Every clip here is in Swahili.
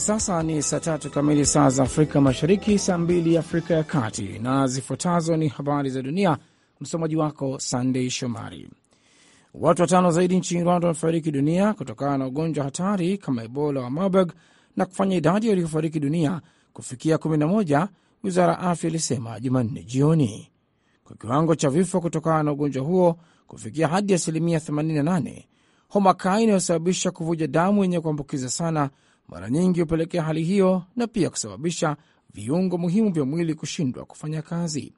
hivi sasa ni saa tatu kamili saa za Afrika Mashariki, saa mbili Afrika ya Kati, na zifuatazo ni habari za dunia. Msomaji wako Sandei Shomari. Watu watano zaidi nchini Rwanda wamefariki dunia kutokana na ugonjwa hatari kama Ebola wa Marburg na kufanya idadi waliofariki dunia kufikia 11, wizara ya afya ilisema Jumanne jioni, kwa kiwango cha vifo kutokana na ugonjwa huo kufikia hadi asilimia 88. Homa inayosababisha kuvuja damu yenye kuambukiza sana mara nyingi hupelekea hali hiyo na pia kusababisha viungo muhimu vya mwili kushindwa kufanya kazi.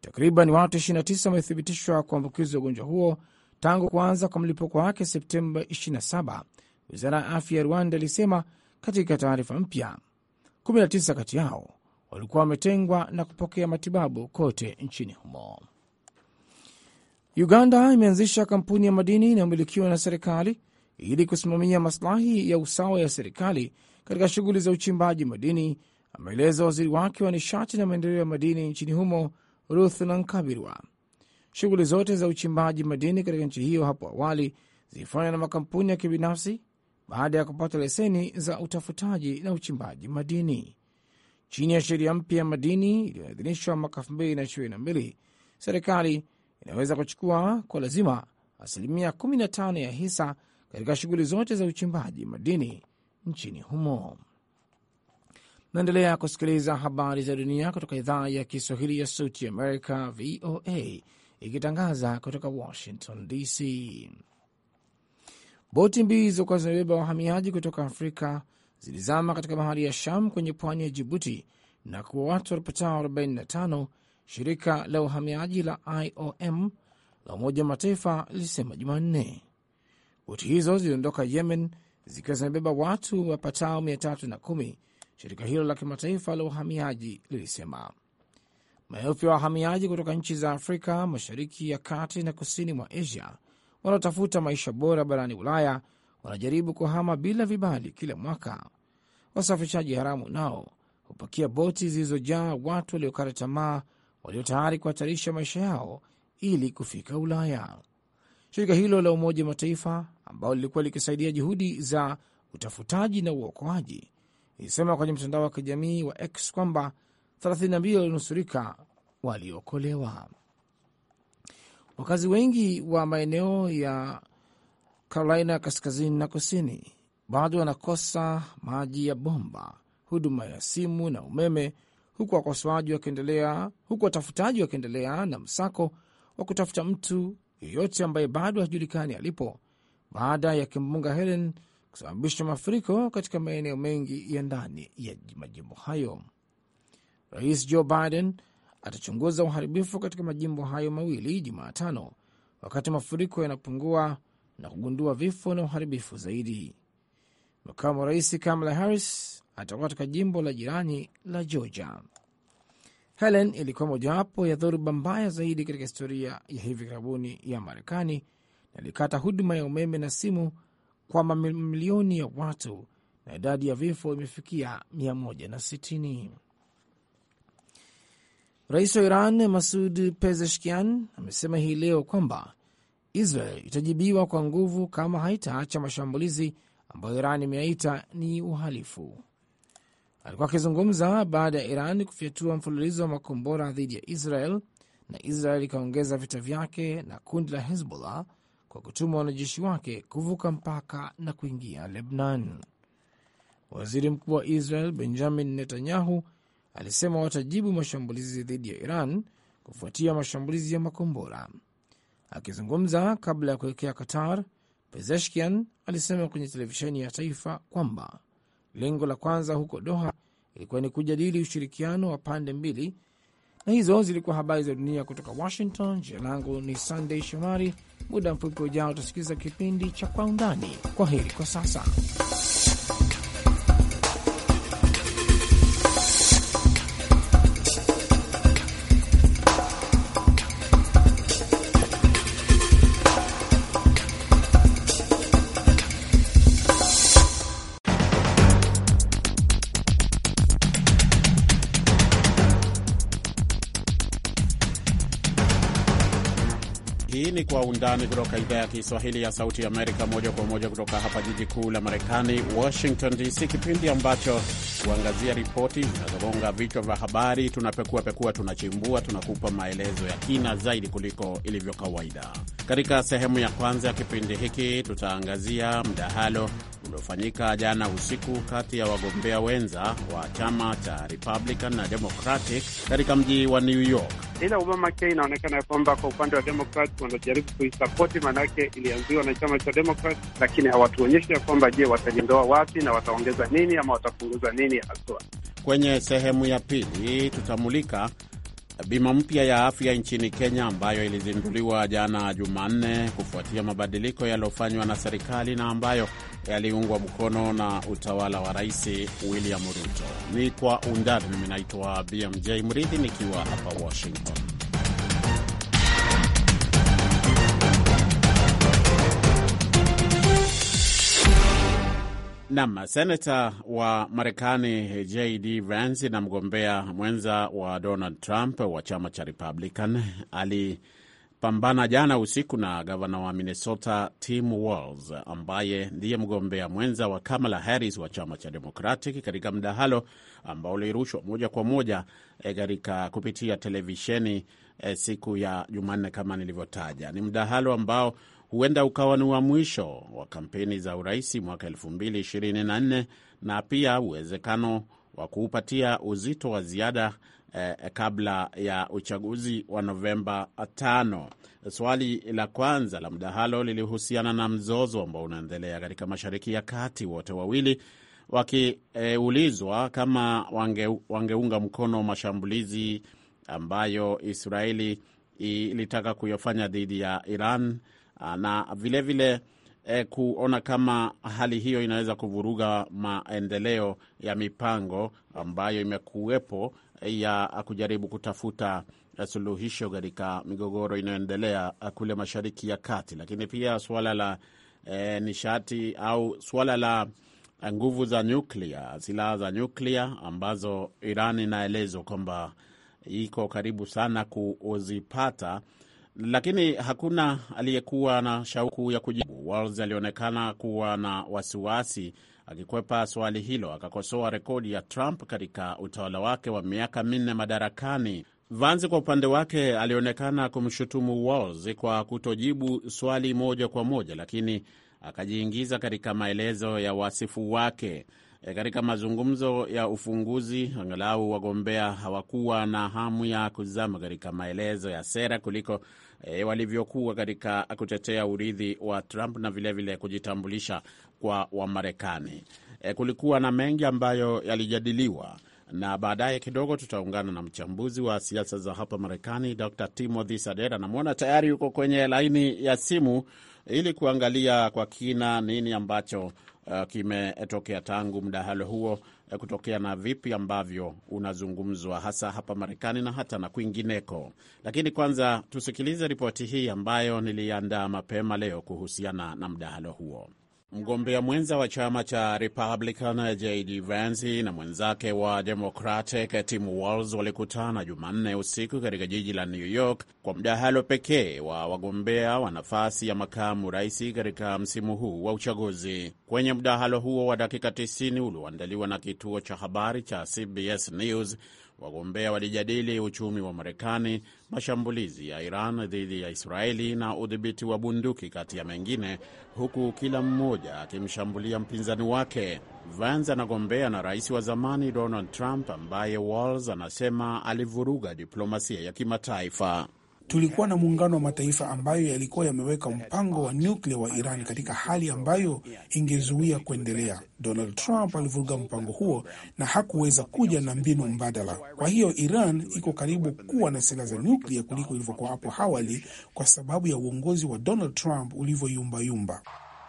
Takriban watu 29 wamethibitishwa kuambukizwa ugonjwa huo tangu kuanza kwa mlipuko wake Septemba 27, wizara ya afya ya Rwanda ilisema katika taarifa mpya. 19 kati yao walikuwa wametengwa na kupokea matibabu kote nchini humo. Uganda imeanzisha kampuni ya madini inayomilikiwa na serikali ili kusimamia masilahi ya usawa ya serikali katika shughuli za uchimbaji madini, ameeleza waziri wake wa nishati na maendeleo ya madini nchini humo Ruth Nankabirwa. Shughuli zote za uchimbaji madini katika nchi hiyo hapo awali zilifanywa na makampuni ya kibinafsi baada ya kupata leseni za utafutaji na uchimbaji madini. Chini ya sheria mpya ya madini iliyoidhinishwa mwaka 2022, serikali inaweza kuchukua kwa lazima asilimia 15 ya hisa katika shughuli zote za uchimbaji madini nchini humo. Naendelea kusikiliza habari za dunia kutoka idhaa ya Kiswahili ya Sauti ya Amerika, VOA, ikitangaza kutoka Washington DC. Boti mbili zilizokuwa zimebeba wahamiaji kutoka Afrika zilizama katika bahari ya Sham kwenye pwani ya Jibuti na kuwa watu walipatao 45, shirika la uhamiaji la IOM la Umoja wa Mataifa lilisema Jumanne. Boti hizo ziliondoka Yemen zikiwa zimebeba watu wapatao 310, shirika hilo la kimataifa la uhamiaji lilisema. Maelfu ya wahamiaji kutoka nchi za Afrika Mashariki, ya Kati na kusini mwa Asia wanaotafuta maisha bora barani Ulaya wanajaribu kuhama bila vibali kila mwaka. Wasafirishaji haramu nao hupakia boti zilizojaa watu waliokata tamaa, walio tayari kuhatarisha maisha yao ili kufika Ulaya. Shirika hilo la Umoja wa Mataifa ambalo lilikuwa likisaidia juhudi za utafutaji na uokoaji, ilisema kwenye mtandao wa kijamii wa X kwamba 32 walionusurika waliokolewa. Wakazi wengi wa maeneo ya Carolina kaskazini na kusini bado wanakosa maji ya bomba, huduma ya simu na umeme, huku wakosoaji wakiendelea, huku watafutaji wakiendelea na msako wa kutafuta mtu yeyote ambaye bado hajulikani alipo baada ya kimbunga Helen kusababisha mafuriko katika maeneo mengi ya ndani ya majimbo hayo. Rais Joe Biden atachunguza uharibifu katika majimbo hayo mawili Jumatano, wakati mafuriko yanapungua na kugundua vifo na uharibifu zaidi. Makamu wa rais Kamala Harris atakuwa katika jimbo la jirani la Georgia. Helen ilikuwa mojawapo ya dhoruba mbaya zaidi katika historia ya hivi karibuni ya Marekani yalikata huduma ya umeme na simu kwa mamilioni ya watu na idadi ya vifo imefikia 160. Rais wa Iran Masud Pezeshkian amesema hii leo kwamba Israel itajibiwa kwa nguvu kama haitaacha mashambulizi ambayo Iran imeaita ni uhalifu. Alikuwa akizungumza baada ya Iran kufyatua mfululizo wa makombora dhidi ya Israel na Israel ikaongeza vita vyake na kundi la Hezbollah kwa kutuma wanajeshi wake kuvuka mpaka na kuingia Lebnan. Waziri mkuu wa Israel Benjamin Netanyahu alisema watajibu mashambulizi dhidi ya Iran kufuatia mashambulizi ya makombora. Akizungumza kabla ya kuelekea Qatar, Pezeshkian alisema kwenye televisheni ya taifa kwamba lengo la kwanza huko Doha ilikuwa ni kujadili ushirikiano wa pande mbili na hizo zilikuwa habari za dunia kutoka Washington. Jina langu ni Sandey Shomari. Muda mfupi ujao utasikiliza kipindi cha Kwa Undani. Kwa heri kwa sasa. wa Undani kutoka idhaa ya Kiswahili ya Sauti ya Amerika, moja kwa moja kutoka hapa jiji kuu la Marekani, Washington DC, kipindi ambacho huangazia ripoti zinazogonga vichwa vya habari. Tunapekua pekua, tunachimbua, tunakupa maelezo ya kina zaidi kuliko ilivyo kawaida. Katika sehemu ya kwanza ya kipindi hiki, tutaangazia mdahalo uliofanyika jana usiku kati ya wagombea wenza wa chama cha Republican na Democratic katika mji wa New York. Ila Obamacare inaonekana ya kwamba kwa upande wa Democrat wanajaribu kuisapoti, maanake ilianziwa na chama cha Demokrat, lakini hawatuonyeshi ya kwamba je, watajiondoa wapi na wataongeza nini ama watapunguza nini haswa. Kwenye sehemu ya pili tutamulika bima mpya ya afya nchini Kenya ambayo ilizinduliwa jana Jumanne kufuatia mabadiliko yaliyofanywa na serikali na ambayo yaliungwa mkono na utawala wa Rais William Ruto. Ni kwa undani. Mimi naitwa BMJ Mridhi nikiwa hapa Washington. Nam senata wa Marekani JD Vance na mgombea mwenza wa Donald Trump wa chama cha Republican alipambana jana usiku na gavana wa Minnesota Tim Walz ambaye ndiye mgombea mwenza wa Kamala Harris wa chama cha Democratic katika mdahalo ambao ulirushwa moja kwa moja eh, katika kupitia televisheni eh, siku ya Jumanne kama nilivyotaja. Ni mdahalo ambao huenda ukawa ni wa mwisho wa kampeni za urais mwaka 2024 na pia uwezekano wa kuupatia uzito wa ziada eh, kabla ya uchaguzi wa Novemba 5. Swali la kwanza la mdahalo lilihusiana na mzozo ambao unaendelea katika Mashariki ya Kati, wote wawili wakiulizwa eh, kama wange, wangeunga mkono mashambulizi ambayo Israeli ilitaka kuyafanya dhidi ya Iran Ah, na vilevile vile, e, kuona kama hali hiyo inaweza kuvuruga maendeleo ya mipango ambayo imekuwepo eh, ya kujaribu kutafuta eh, suluhisho katika migogoro inayoendelea kule Mashariki ya Kati, lakini pia suala la e, nishati au suala la nguvu za nyuklia, silaha za nyuklia ambazo Iran inaelezwa kwamba iko karibu sana kuzipata lakini hakuna aliyekuwa na shauku ya kujibu. Walls alionekana kuwa na wasiwasi akikwepa swali hilo, akakosoa rekodi ya Trump katika utawala wake wa miaka minne madarakani. Vance kwa upande wake alionekana kumshutumu Walls kwa kutojibu swali moja kwa moja, lakini akajiingiza katika maelezo ya wasifu wake. E, katika mazungumzo ya ufunguzi, angalau wagombea hawakuwa na hamu ya kuzama katika maelezo ya sera kuliko e, walivyokuwa katika kutetea urithi wa Trump na vilevile vile kujitambulisha kwa Wamarekani. E, kulikuwa na mengi ambayo yalijadiliwa na baadaye kidogo tutaungana na mchambuzi wa siasa za hapa Marekani, Dr Timothy Sadera. Namwona tayari yuko kwenye laini ya simu ili kuangalia kwa kina nini ambacho uh, kimetokea tangu mdahalo huo kutokea na vipi ambavyo unazungumzwa hasa hapa Marekani na hata na kwingineko. Lakini kwanza tusikilize ripoti hii ambayo niliandaa mapema leo kuhusiana na mdahalo huo. Mgombea mwenza wa chama cha Republican JD Vance na mwenzake wa Democratic Tim Walz walikutana Jumanne usiku katika jiji la New York kwa mdahalo pekee wa wagombea wa nafasi ya makamu rais katika msimu huu wa uchaguzi. Kwenye mdahalo huo wa dakika 90 ulioandaliwa na kituo cha habari cha CBS News Wagombea walijadili uchumi wa Marekani, mashambulizi ya Iran dhidi ya Israeli na udhibiti wa bunduki kati ya mengine, huku kila mmoja akimshambulia mpinzani wake. Vance anagombea na rais wa zamani Donald Trump ambaye Walls anasema alivuruga diplomasia ya kimataifa. Tulikuwa na muungano wa mataifa ambayo yalikuwa yameweka mpango wa nyuklia wa Iran katika hali ambayo ingezuia kuendelea. Donald Trump alivuruga mpango huo na hakuweza kuja na mbinu mbadala. Kwa hiyo Iran iko karibu kuwa na silaha za nyuklia kuliko ilivyokuwa hapo awali, kwa sababu ya uongozi wa Donald Trump ulivyoyumbayumba.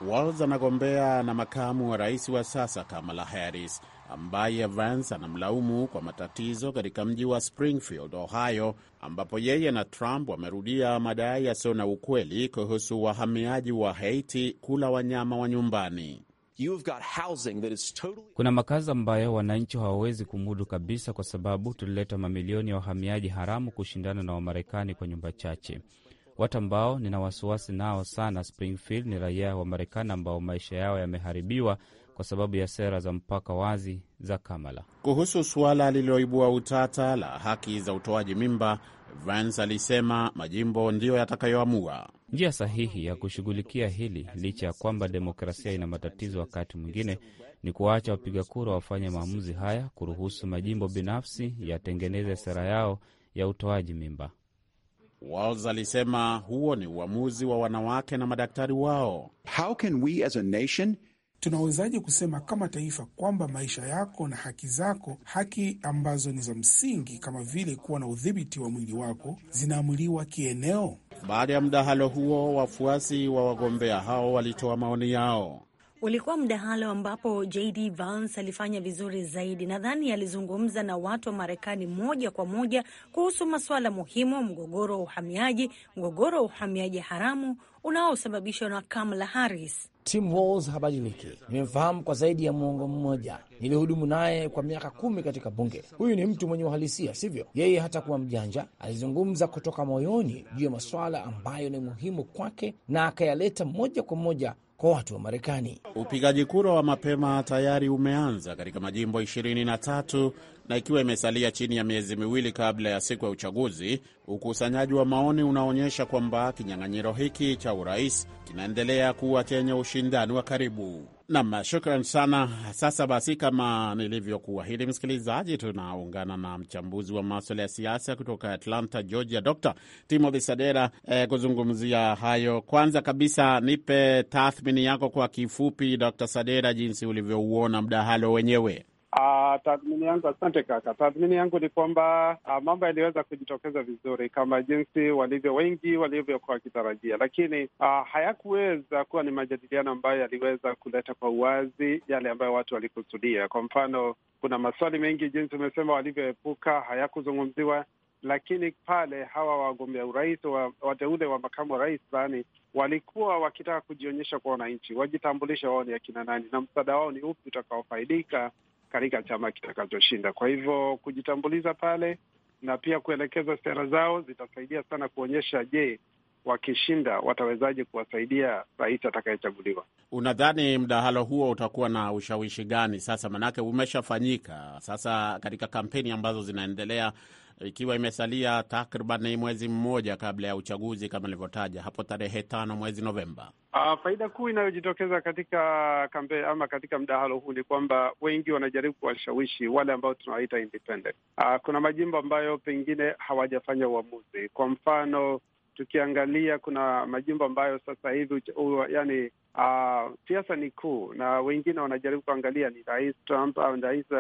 Walz anagombea na makamu wa rais wa sasa Kamala Harris ambaye Vance anamlaumu kwa matatizo katika mji wa Springfield, Ohio, ambapo yeye na Trump wamerudia madai yasiyo na ukweli kuhusu wahamiaji wa Haiti kula wanyama wa nyumbani. Totally... kuna makazi ambayo wananchi hawawezi kumudu kabisa, kwa sababu tulileta mamilioni ya wahamiaji haramu kushindana na Wamarekani kwa nyumba chache. Watu ambao nina wasiwasi nao sana Springfield ni raia wa Marekani ambao maisha yao yameharibiwa kwa sababu ya sera za mpaka wazi za Kamala. Kuhusu suala lililoibua utata la haki za utoaji mimba, Vance alisema majimbo ndiyo yatakayoamua njia sahihi ya kushughulikia hili. Licha ya kwamba demokrasia ina matatizo wakati mwingine, ni kuwaacha wapiga kura wafanye maamuzi haya, kuruhusu majimbo binafsi yatengeneze sera yao ya utoaji mimba. Walz alisema huo ni uamuzi wa wanawake na madaktari wao. How can we as a nation Tunawezaje kusema kama taifa kwamba maisha yako na haki zako, haki ambazo ni za msingi kama vile kuwa na udhibiti wa mwili wako, zinaamuliwa kieneo? Baada ya mdahalo huo, wafuasi wa wagombea hao walitoa maoni yao. Ulikuwa mdahalo ambapo JD Vance alifanya vizuri zaidi. Nadhani alizungumza na watu wa Marekani moja kwa moja kuhusu masuala muhimu: mgogoro wa uhamiaji, mgogoro wa uhamiaji haramu, unaosababishwa na Kamala Harris. Tim Walz habadiliki. Nimemfahamu kwa zaidi ya mwongo mmoja, nilihudumu naye kwa miaka kumi katika bunge. Huyu ni mtu mwenye uhalisia, sivyo? Yeye hata kuwa mjanja, alizungumza kutoka moyoni juu ya masuala ambayo ni muhimu kwake na akayaleta moja kwa moja kwa watu wa Marekani. Upigaji kura wa mapema tayari umeanza katika majimbo 23 na ikiwa imesalia chini ya miezi miwili kabla ya siku ya uchaguzi, ukusanyaji wa maoni unaonyesha kwamba kinyang'anyiro hiki cha urais kinaendelea kuwa chenye ushindani wa karibu. Nam, shukran sana. Sasa basi, kama nilivyokuahidi, msikilizaji, tunaungana na mchambuzi wa maswala ya siasa kutoka Atlanta, Georgia, Dr Timothy Sadera eh, kuzungumzia hayo. Kwanza kabisa, nipe tathmini yako kwa kifupi, Dr Sadera, jinsi ulivyouona mdahalo wenyewe. Uh, tathmini yangu, asante kaka. Tathmini yangu ni kwamba uh, mambo yaliweza kujitokeza vizuri kama jinsi walivyo wengi walivyokuwa wakitarajia, lakini uh, hayakuweza kuwa ni majadiliano ambayo yaliweza kuleta kwa uwazi yale ambayo watu walikusudia. Kwa mfano, kuna maswali mengi, jinsi umesema, walivyoepuka hayakuzungumziwa lakini pale hawa wagombea urais wa wateule wa makamu wa rais fulani walikuwa wakitaka kujionyesha kwa wananchi, wajitambulisha wao ni akina nani na msaada wao ni upi utakaofaidika katika chama kitakachoshinda. Kwa hivyo kujitambuliza pale na pia kuelekeza sera zao zitasaidia sana kuonyesha, je, wakishinda watawezaje kuwasaidia rais atakayechaguliwa. Unadhani mdahalo huo utakuwa na ushawishi gani sasa? Manake umeshafanyika sasa katika kampeni ambazo zinaendelea ikiwa imesalia takriban mwezi mmoja kabla ya uchaguzi kama ilivyotaja hapo tarehe tano mwezi Novemba. Uh, faida kuu inayojitokeza katika kampe ama katika mdahalo huu ni kwamba wengi wanajaribu kuwashawishi wale ambao tunawaita independent. Uh, kuna majimbo ambayo pengine hawajafanya uamuzi, kwa mfano tukiangalia kuna majimbo ambayo sasa hivi yani ah, siasa uh, ni kuu, na wengine wanajaribu kuangalia ni rais Trump au rais uh,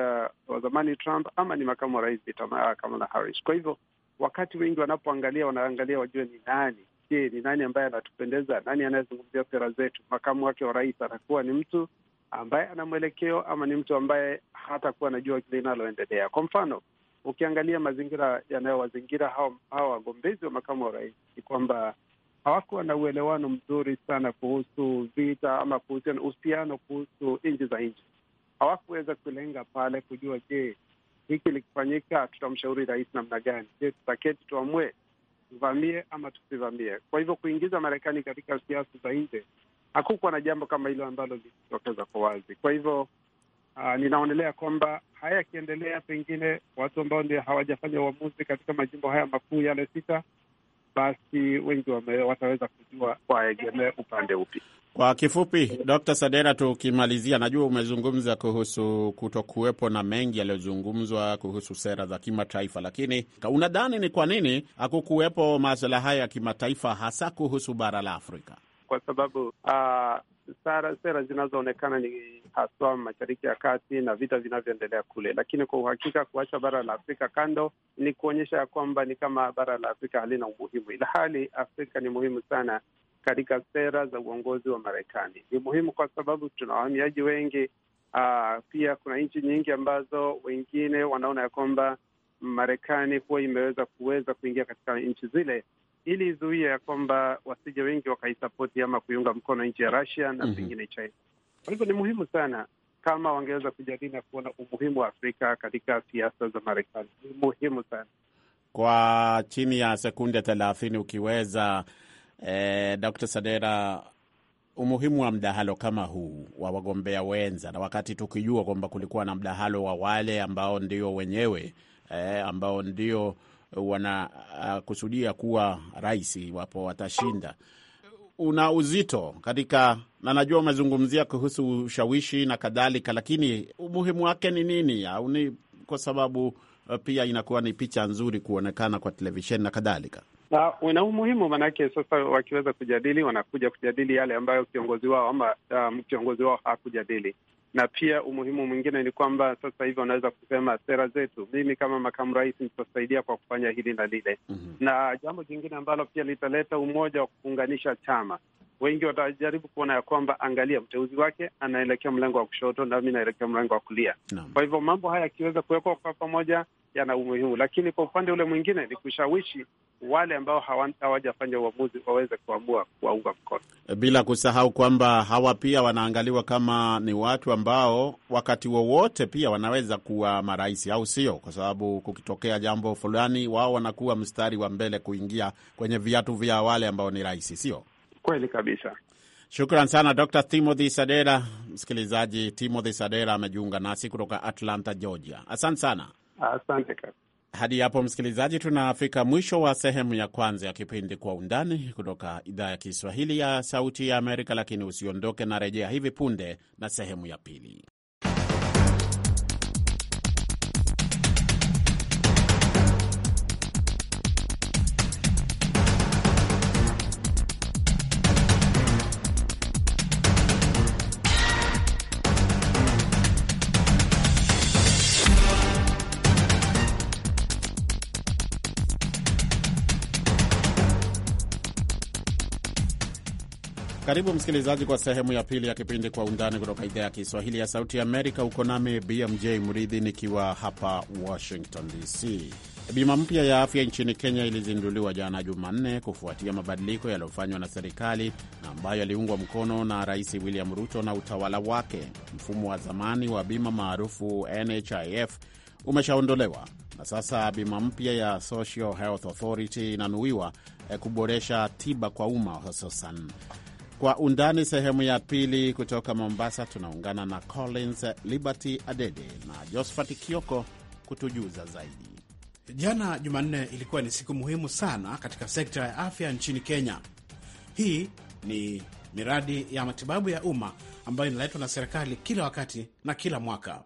wa zamani Trump ama ni makamu wa rais ah, Kamala Harris. Kwa hivyo wakati wengi wanapoangalia wanaangalia wajue ni nani, je, ni nani ambaye anatupendeza, nani anayezungumzia sera zetu? Makamu wake wa rais atakuwa ni mtu ambaye ana mwelekeo ama ni mtu ambaye hatakuwa anajua linaloendelea? Kwa mfano ukiangalia mazingira yanayowazingira hawa wagombezi wa makamu wa rais ni kwamba hawakuwa na uelewano mzuri sana kuhusu vita ama kuhusu uhusiano kuhusu nchi za nchi. Hawakuweza kulenga pale kujua, je, hiki likifanyika tutamshauri rais namna gani? Je, tutaketi tuamue tuvamie ama tusivamie? Kwa hivyo kuingiza Marekani katika siasa za nje hakukuwa na jambo kama hilo ambalo lilijitokeza kwa wazi. Kwa hivyo Ah, ninaonelea kwamba haya yakiendelea, pengine watu ambao ndio hawajafanya uamuzi katika majimbo haya makuu yale sita, basi wengi wame, wataweza kujua waegemee upande upi. Kwa kifupi, Dr. Sadera, tukimalizia, najua umezungumza kuhusu kutokuwepo na mengi yaliyozungumzwa kuhusu sera za kimataifa, lakini unadhani ni kwa nini hakukuwepo masuala haya ya kimataifa hasa kuhusu bara la Afrika? Kwa sababu uh, sera, sera zinazoonekana ni haswa Mashariki ya Kati na vita vinavyoendelea kule, lakini kwa uhakika kuacha bara la Afrika kando ni kuonyesha ya kwamba ni kama bara la Afrika halina umuhimu, ila hali Afrika ni muhimu sana katika sera za uongozi wa Marekani. Ni muhimu kwa sababu tuna wahamiaji wengi. Aa, ah, pia kuna nchi nyingi ambazo wengine wanaona ya kwamba Marekani huwa imeweza kuweza kuingia katika nchi zile ili izuia ya kwamba wasija wengi wakaisapoti ama kuiunga mkono nchi ya Russia na mhm. pengine mm -hmm. China. Kwa hivyo ni muhimu sana kama wangeweza kujadili na kuona umuhimu wa Afrika katika siasa za Marekani, ni muhimu sana kwa chini ya sekunde thelathini ukiweza. Eh, Dr. Sadera, umuhimu wa mdahalo kama huu wa wagombea wenza, na wakati tukijua kwamba kulikuwa na mdahalo wa wale ambao ndio wenyewe eh, ambao ndio wanakusudia kuwa rais iwapo watashinda, una uzito katika, na najua umezungumzia kuhusu ushawishi na kadhalika, lakini umuhimu wake ni nini? Au ni kwa sababu uh, pia inakuwa ni picha nzuri kuonekana kwa televisheni na kadhalika? Una umuhimu maanake, sasa wakiweza kujadili, wanakuja kujadili yale ambayo kiongozi wao ama um, kiongozi wao hakujadili na pia umuhimu mwingine ni kwamba sasa hivi wanaweza kusema sera zetu, mimi kama makamu rais nitasaidia kwa kufanya hili na lile. mm -hmm. Na jambo jingine ambalo pia litaleta umoja wa kuunganisha chama wengi watajaribu kuona ya kwamba angalia, mteuzi wake anaelekea mlengo wa kushoto, nami naelekea mlengo wa kulia. Kwa hivyo mambo haya yakiweza kuwekwa kwa pamoja yana umuhimu, lakini kwa upande ule mwingine ni kushawishi wale ambao hawajafanya uamuzi waweze kuamua kuwaunga mkono, bila kusahau kwamba hawa pia wanaangaliwa kama ni watu ambao wakati wowote pia wanaweza kuwa marais, au sio? Kwa sababu kukitokea jambo fulani, wao wanakuwa mstari wa mbele kuingia kwenye viatu vya wale ambao ni rais, sio? Kweli kabisa. Shukran sana Dr. Timothy Sadera. Msikilizaji, Timothy Sadera amejiunga nasi kutoka Atlanta, Georgia. Asante sana. Asante kaka. Hadi hapo msikilizaji, tunafika mwisho wa sehemu ya kwanza ya kipindi Kwa Undani kutoka idhaa ya Kiswahili ya Sauti ya Amerika, lakini usiondoke na rejea hivi punde na sehemu ya pili. Karibu msikilizaji kwa sehemu ya pili ya kipindi Kwa Undani kutoka idhaa ya Kiswahili ya Sauti ya Amerika. Uko nami BMJ Mridhi nikiwa hapa Washington DC. Bima mpya ya afya nchini Kenya ilizinduliwa jana Jumanne kufuatia mabadiliko yaliyofanywa na serikali na ambayo yaliungwa mkono na Rais William Ruto na utawala wake. Mfumo wa zamani wa bima maarufu NHIF umeshaondolewa na sasa bima mpya ya Social Health Authority inanuiwa eh, kuboresha tiba kwa umma hususan kwa Undani sehemu ya pili. Kutoka Mombasa tunaungana na Collins Liberty Adede na Josphat Kioko kutujuza zaidi. Jana Jumanne ilikuwa ni siku muhimu sana katika sekta ya afya nchini Kenya. Hii ni miradi ya matibabu ya umma ambayo inaletwa na serikali kila wakati na kila mwaka.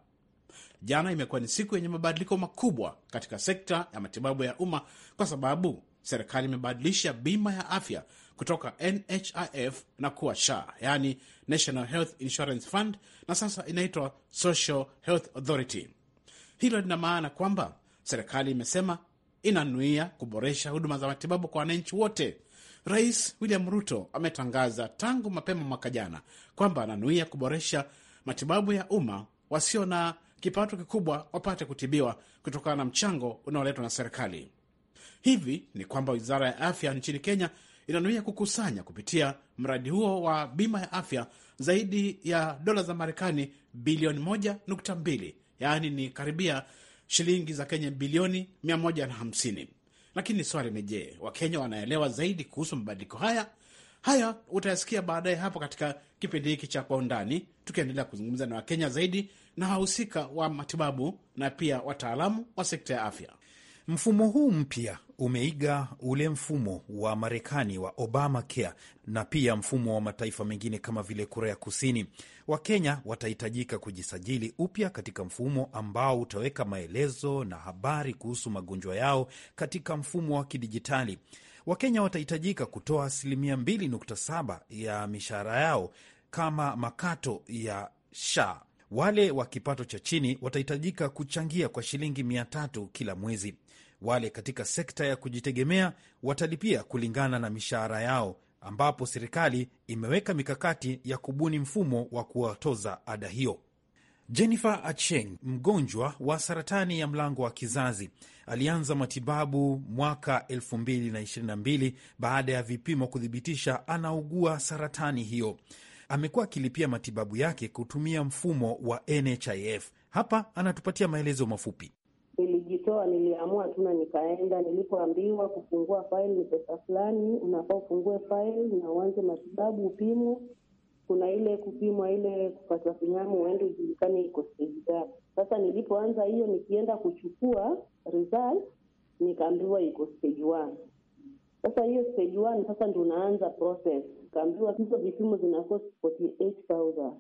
Jana imekuwa ni siku yenye mabadiliko makubwa katika sekta ya matibabu ya umma kwa sababu serikali imebadilisha bima ya afya kutoka NHIF na kuwa SHA, yaani National Health Insurance Fund, na sasa inaitwa Social Health Authority. Hilo lina maana kwamba serikali imesema inanuia kuboresha huduma za matibabu kwa wananchi wote. Rais William Ruto ametangaza tangu mapema mwaka jana kwamba ananuia kuboresha matibabu ya umma, wasio na kipato kikubwa wapate kutibiwa kutokana na mchango unaoletwa na serikali. Hivi ni kwamba wizara ya afya nchini Kenya inanuia kukusanya kupitia mradi huo wa bima ya afya zaidi ya dola za Marekani bilioni 1.2, yaani ni karibia shilingi za Kenya bilioni 150. Lakini swali ni je, Wakenya wanaelewa zaidi kuhusu mabadiliko haya? Haya utayasikia baadaye hapo katika kipindi hiki cha Kwa Undani, tukiendelea kuzungumza na Wakenya zaidi na wahusika wa matibabu na pia wataalamu wa sekta ya afya. Mfumo huu mpya umeiga ule mfumo wa Marekani wa Obamacare na pia mfumo wa mataifa mengine kama vile Korea Kusini. Wakenya watahitajika kujisajili upya katika mfumo ambao utaweka maelezo na habari kuhusu magonjwa yao katika mfumo wa kidijitali. Wakenya watahitajika kutoa asilimia 2.7 ya mishahara yao kama makato ya SHA. Wale wa kipato cha chini watahitajika kuchangia kwa shilingi mia tatu kila mwezi. Wale katika sekta ya kujitegemea watalipia kulingana na mishahara yao, ambapo serikali imeweka mikakati ya kubuni mfumo wa kuwatoza ada hiyo. Jennifer Acheng, mgonjwa wa saratani ya mlango wa kizazi, alianza matibabu mwaka 2022 baada ya vipimo kuthibitisha anaugua saratani hiyo. Amekuwa akilipia matibabu yake kutumia mfumo wa NHIF. Hapa anatupatia maelezo mafupi nilijitoa, niliamua tuna, nikaenda. Nilipoambiwa kufungua faili ni pesa fulani, unafaa ufungue faili na uanze matibabu, upimwe. Kuna ile kupimwa, ile kupata kinyamu, uende ujulikane iko stage gani. Sasa nilipoanza hiyo, nikienda kuchukua result, nikaambiwa iko stage one. Sasa hiyo stage one, sasa ndio unaanza process, nikaambiwa hizo vipimo zinakosti 48000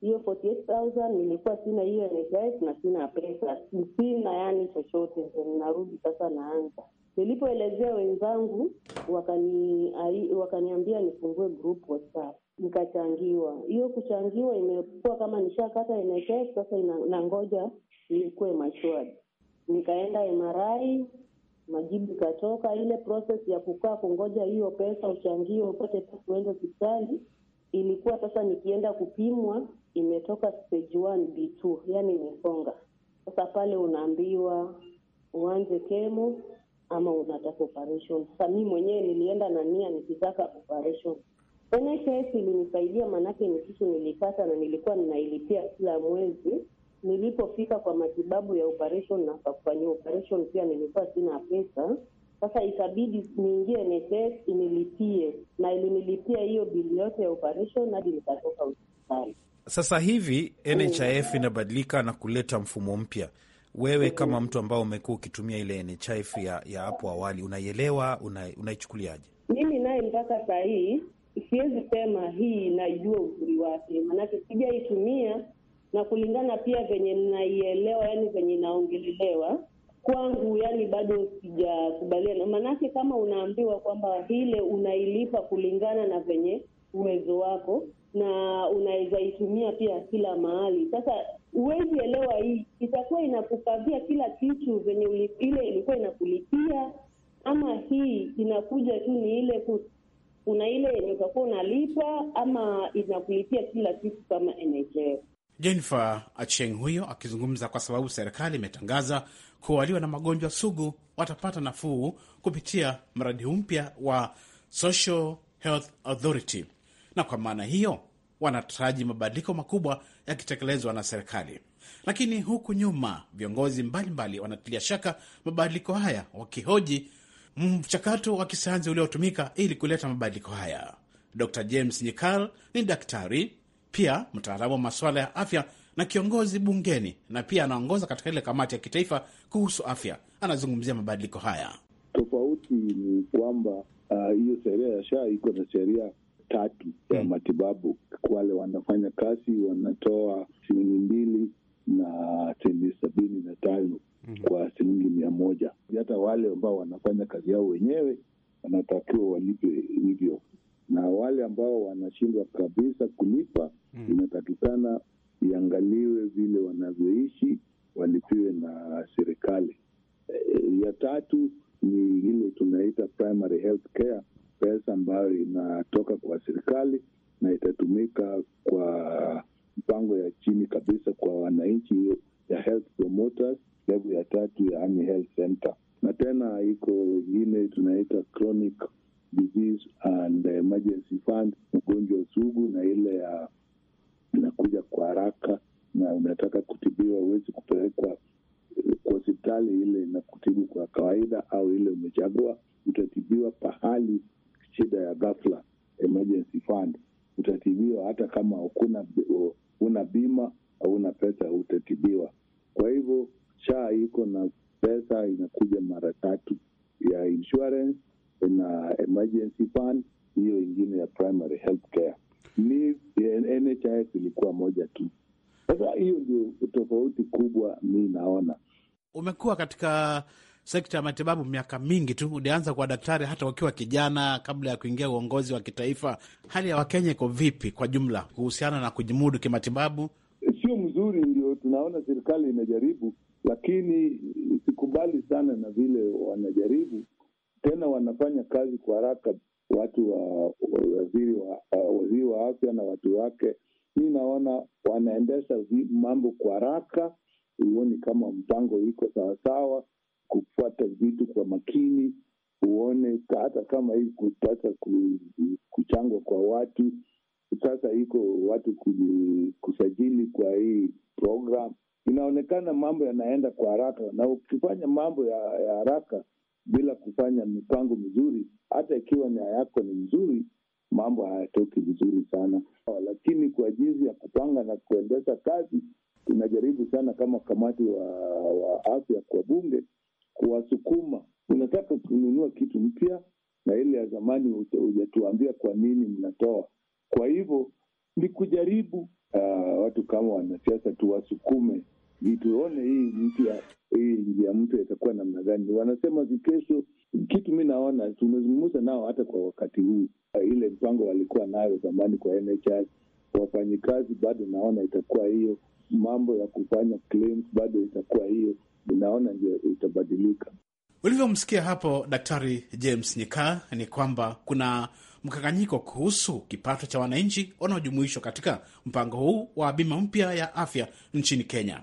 hiyo 48000 nilikuwa sina hiyo NHIF na sina pesa, sina yani chochote. Ndio ninarudi sasa, naanza nilipoelezea wenzangu, wakani wakaniambia nifungue group WhatsApp nikachangiwa. Hiyo kuchangiwa imekuwa kama nishakata NHIF, sasa nangoja nikuwe mashwari. Nikaenda MRI majibu ikatoka. Ile process ya kukaa kungoja hiyo pesa uchangio upate pesa uende hospitali ilikuwa sasa, nikienda kupimwa imetoka stage 1 B2, yani imesonga. Sasa pale unaambiwa uanze kemo ama unataka operation. Sasa mimi mwenyewe nilienda na nia nikitaka operation. NHIF ilinisaidia maanake ni kitu nilipata na nilikuwa ninailipia kila mwezi. Nilipofika kwa matibabu ya operation na kufanyia operation pia nilikuwa sina pesa. Sasa ikabidi niingie NHS inilipie, na ilinilipia hiyo bili yote ya operation hadi nikatoka hospitali. Sasa hivi NHIF inabadilika na kuleta mfumo mpya. Wewe kama mtu ambao umekuwa ukitumia ile NHIF ya, ya hapo awali unaielewa, unaichukuliaje? Mimi naye mpaka saa hii siwezi sema hii naijua uzuri wake, maanake sijaitumia na kulingana pia venye naielewa, yani venye inaongelelewa kwangu, yani bado sijakubaliana, manake kama unaambiwa kwamba ile unailipa kulingana na venye uwezo wako na unaweza itumia pia kila mahali. Sasa huwezi elewa hii itakuwa inakukavia kila kitu venye uli, ile ilikuwa inakulipia ama hii inakuja tu ni ile kuna ile yenye utakuwa unalipa ama inakulipia kila kitu kama NHF. Jennifer Acheng huyo akizungumza kwa sababu serikali imetangaza kuwa walio na magonjwa sugu watapata nafuu kupitia mradi mpya wa Social Health Authority na kwa maana hiyo wanataraji mabadiliko makubwa yakitekelezwa na serikali. Lakini huku nyuma viongozi mbalimbali wanatilia shaka mabadiliko haya, wakihoji mchakato wa kisayansi uliotumika ili kuleta mabadiliko haya. Dr James Nyikal ni daktari pia mtaalamu wa masuala ya afya na kiongozi bungeni, na pia anaongoza katika ile kamati ya kitaifa kuhusu afya. Anazungumzia mabadiliko haya. Tofauti ni kwamba ah, hiyo uh, sheria ya SHA iko na sheria tatu ya hmm. matibabu. Wale wanafanya kazi wanatoa shilingi mbili na senti sabini na tano mm kwa shilingi mia moja. Hata wale ambao wanafanya kazi yao wenyewe wanatakiwa walipe hivyo, na wale ambao wanashindwa kabisa kulipa mm inatakikana iangaliwe vile wanavyoishi, walipiwe na serikali. E, ya tatu ni ile tunaita primary health care pesa ambayo inatoka kwa serikali na itatumika kwa mpango ya chini kabisa kwa wananchi ya health promoters sekta ya matibabu miaka mingi tu, ulianza kwa daktari hata wakiwa kijana, kabla ya kuingia uongozi wa kitaifa. Hali ya Wakenya iko vipi kwa jumla kuhusiana na kujimudu kimatibabu? Sio mzuri, ndio tunaona serikali inajaribu, lakini sikubali sana na vile wanajaribu tena, wanafanya kazi kwa haraka watu wa waziri wa, waziri wa afya na watu wake, mi naona wanaendesha mambo kwa haraka, huoni kama mpango iko sawasawa kufuata vitu kwa makini, uone hata kama hii kupata kuchangwa kwa watu sasa iko watu kusajili kwa hii program, inaonekana mambo yanaenda kwa haraka, na ukifanya mambo ya, ya haraka bila kufanya mipango mizuri, hata ikiwa nia yako ni mzuri, mambo hayatoki vizuri sana. Lakini kwa jinsi ya kupanga na kuendesha kazi, tunajaribu sana kama kamati wa, wa afya kwa bunge kuwasukuma, unataka kununua kitu mpya na ile ya zamani hujatuambia kwa nini mnatoa. Kwa hivyo ni kujaribu uh, watu kama wanasiasa tuwasukume tuone hii mpya hii njia mpya itakuwa namna gani. Wanasema kesho kitu, mi naona tumezungumza nao hata kwa wakati huu, ah, ile mpango walikuwa nayo zamani kwa NHS wafanyikazi, bado naona itakuwa hiyo. Mambo ya kufanya claims bado itakuwa hiyo ninaona ndio itabadilika. Ulivyomsikia hapo Daktari James Nyika ni kwamba kuna mkanganyiko kuhusu kipato cha wananchi wanaojumuishwa katika mpango huu wa bima mpya ya afya nchini Kenya,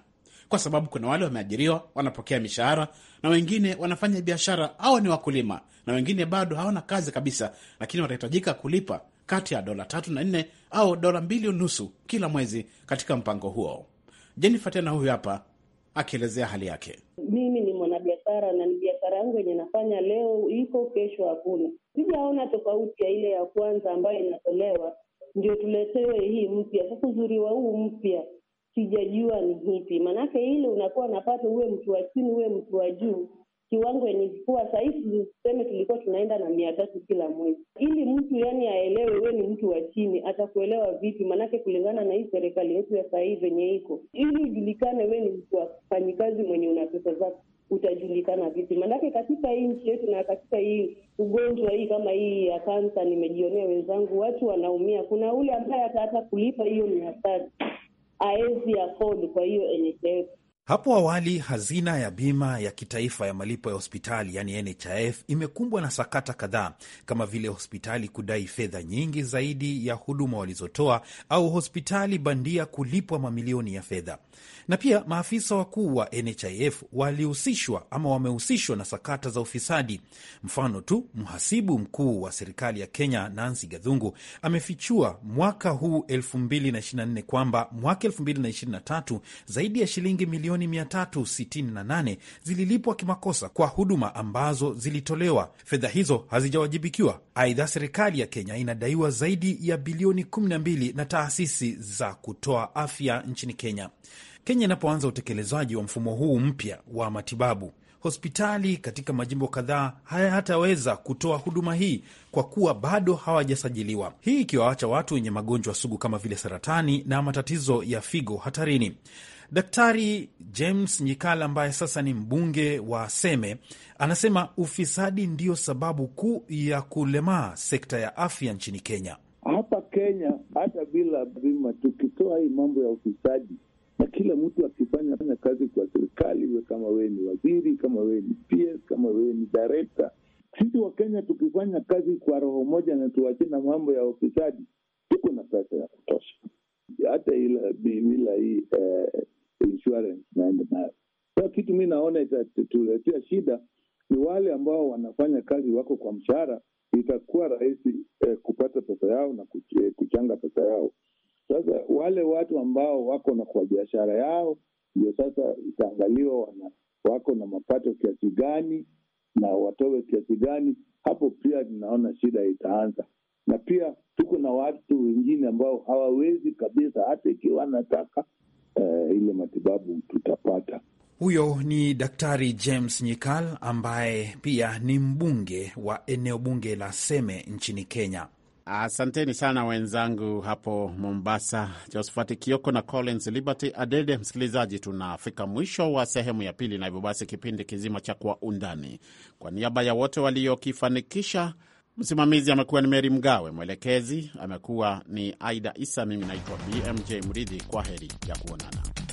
kwa sababu kuna wale wameajiriwa wanapokea mishahara na wengine wanafanya biashara au ni wakulima na wengine bado hawana kazi kabisa, lakini watahitajika kulipa kati ya dola tatu na nne au dola mbili unusu kila mwezi katika mpango huo. Jennifer tena huyu hapa akielezea hali yake. Mimi ni mwanabiashara na ni biashara yangu yenye nafanya leo iko, kesho hakuna. Sijaona tofauti ya ile ya kwanza ambayo inatolewa, ndio tuletewe hii mpya. Sasa uzuri wa huu mpya sijajua ni hipi, maanake ile unakuwa napata, uwe mtu wa chini, uwe mtu wa juu kiwango yenye kuwa sahii, tuseme tulikuwa tunaenda na mia tatu kila mwezi, ili mtu yani aelewe, we ni mtu wa chini, atakuelewa vipi? Maanake kulingana na hii serikali yetu ya sahii venye iko, ili ujulikane we ni mtu wa fanyikazi mwenye una pesa zako utajulikana vipi? Maanake katika hii nchi yetu na katika hii ugonjwa hii kama hii ya kansa, nimejionea wenzangu, watu wanaumia. Kuna ule ambaye hata hata kulipa hiyo mia tatu aezi afford kwa hiyo NHF hapo awali hazina ya bima ya kitaifa ya malipo ya hospitali yani NHIF imekumbwa na sakata kadhaa kama vile hospitali kudai fedha nyingi zaidi ya huduma walizotoa au hospitali bandia kulipwa mamilioni ya fedha. Na pia maafisa wakuu wa NHIF walihusishwa ama wamehusishwa na sakata za ufisadi. Mfano tu, mhasibu mkuu wa serikali ya Kenya Nancy Gadhungu amefichua mwaka huu 2024 kwamba mwaka 2023 zaidi ya shilingi milioni milioni 368 zililipwa kimakosa kwa huduma ambazo zilitolewa. Fedha hizo hazijawajibikiwa. Aidha, serikali ya Kenya inadaiwa zaidi ya bilioni 12 na taasisi za kutoa afya nchini Kenya. Kenya inapoanza utekelezaji wa mfumo huu mpya wa matibabu, hospitali katika majimbo kadhaa hayataweza kutoa huduma hii kwa kuwa bado hawajasajiliwa, hii ikiwaacha watu wenye magonjwa sugu kama vile saratani na matatizo ya figo hatarini. Daktari James Nyikala ambaye sasa ni mbunge wa Seme anasema ufisadi ndiyo sababu kuu ya kulemaa sekta ya afya nchini Kenya. Hapa Kenya hata bila bima, tukitoa hii mambo ya ufisadi na kila mtu akifanya fanya kazi kwa serikali, we kama wewe ni waziri, kama wewe ni PS, kama wewe ni director, sisi Wakenya tukifanya kazi kwa roho moja na tuachie na mambo ya ufisadi, tuko na pesa ya kutosha hata bila hii eh, insurance naende nayo. Sasa kitu mi naona itatuletea shida ni wale ambao wanafanya kazi wako kwa mshahara, itakuwa rahisi eh, kupata pesa yao na kuch, eh, kuchanga pesa yao. Sasa wale watu ambao wako na kwa biashara yao ndio sasa itaangaliwa wana, wako na mapato kiasi gani na watowe kiasi gani. Hapo pia ninaona shida itaanza, na pia tuko na watu wengine ambao hawawezi kabisa, hata ikiwa anataka uh, ile matibabu tutapata. Huyo ni Daktari James Nyikal ambaye pia ni mbunge wa eneo bunge la Seme nchini Kenya. Asanteni sana wenzangu hapo Mombasa, Josphat Kioko na Collins Liberty Adede. Msikilizaji, tunafika mwisho wa sehemu ya pili, na hivyo basi kipindi kizima cha Kwa Undani, kwa niaba ya wote waliokifanikisha Msimamizi amekuwa ni Meri Mgawe, mwelekezi amekuwa ni Aida Isa, mimi naitwa BMJ Mridhi. Kwa heri ya kuonana.